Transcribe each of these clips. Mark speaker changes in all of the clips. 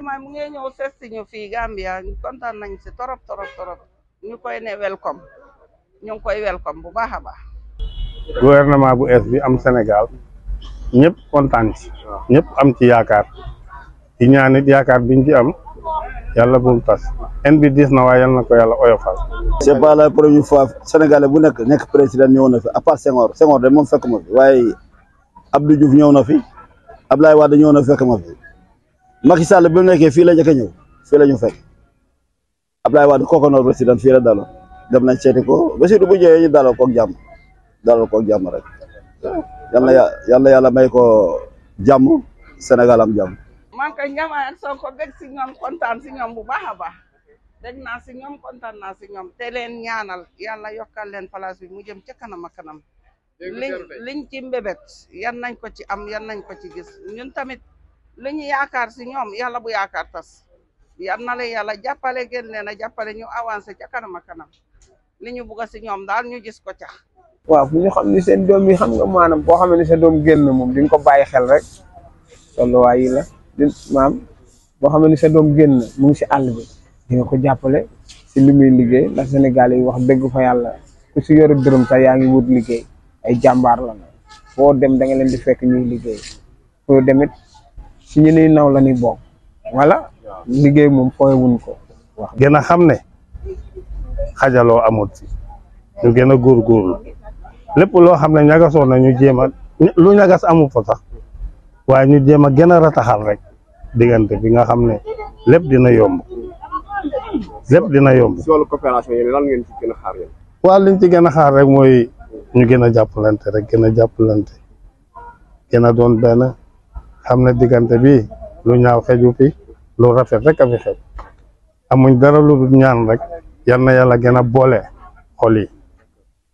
Speaker 1: vraiment mu ngi ñëw seet si ñu fii Gambia kontaan nañ si torop torop torop ñu koy ne welcome ñu ngi koy welcome bu baax a baax.
Speaker 2: gouvernement bu es bi am Sénégal ñëpp kontaan
Speaker 3: ci ñëpp
Speaker 2: am ci yaakaar ci ñaan it yaakaar biñ ci am yàlla bu mu tas en bi diis na waaye yal na ko yàlla oyofal.
Speaker 3: c'est pas la bu nekk nekk président ñëw na fi à part Senghor Senghor de moom fekk ma fi waaye Abdou Diouf ñëw na fi Abdoulaye Wade ñëw na fekk ma fi. Macky Sall bi mu nekkee fii la njëkk a ñëw fii la ñu fekk Abdoulaye Wade kooku noonu président dem nañ seeti ko Bassirou bu jee ñu daloo koog jàmm daloo koog jàmm rek yàlla yàlla yàlla may ko jàmm Sénégal am jàmm.
Speaker 1: man kay Diomaye ak Sonko bég si ñoom kontaan si ñoom bu baax a baax si ñoom kontaan naa si ñoom te ñaanal yàlla yokkal leen place bi mu jëm ca kanam ak kanam. liñ liñ ci nañ ko ci am yan nañ ko ci gis ñun tamit. li yaakar ci si ñoom yàlla bu yaakaar tas yal na leen yàlla jàppale gën leena a ñu avancer ci kanam ak kanam li ñu bugg si ñoom daal ñu gis ko tax
Speaker 2: waaw bu ñu xam ni seen doom yi xam nga manam bo xamee ne sa doom génn moom di nga ko bayyi xel rek tolluwaay wayi la di maam bo xamee ne sa doom na mu ngi ci all bi di nga ko jàppale ci limuy muy liggéey ndax Sénégal yi wax dëgg fa yalla ku ci yoru dërëm ta yaangi wut liggéey ay jambar la fo dem da nga leen di fekk ñuy liggéey fo demit si ñu nuy naw la ni bokk voilà liggéey moom fooy wuñ ko wax gën a xam ne xajaloo amut si ñu gën a góorgóorlu lépp loo xam ne ñagasoon na ñu jéem a lu ñagas amul fa sax waaye ñu jéem a gën a rataxal rek diggante bi nga xam ne
Speaker 3: lépp dina yomb
Speaker 2: lépp dina yomb. si
Speaker 3: wàllu coopération yi lan ci
Speaker 2: gën a xaar rek mooy ñu gën a jàppalante rek gën a jàppalante gën a doon benn xamna digante bi lu ñaaw xeju fi lu rafet rek am xet amuñ dara lu ñaan rek yalla yalla gëna gën a boole xol yi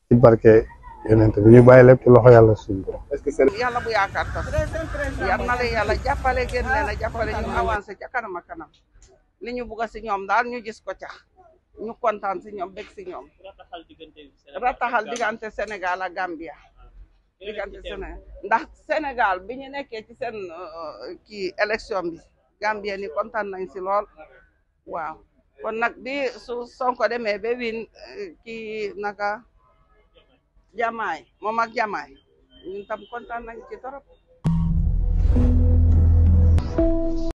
Speaker 2: ci barké yonent bi ñu bàyyi lépp ci loxo yalla suñu
Speaker 1: est ce borom. yalla bu yaakar tax yalla la yalla jappalé gën leen jappalé ñu avancé ci kanam ak kanam li ñu bëgg ci ñom daal ñu gis ko ci ñu contane kontaan si ñoom bég si ñoom. rataxal digante Sénégal ak Gambia. di quantestionnaire ndax Sénégal bi ñu nekkee ci seen euh, kii élection bi Gambien yi kontaan nañ si lool waaw kon nag bi su Sonko demee ba win euh, ki naka jamaay moom ak jamaay ñun tam kontaan nañ ci torop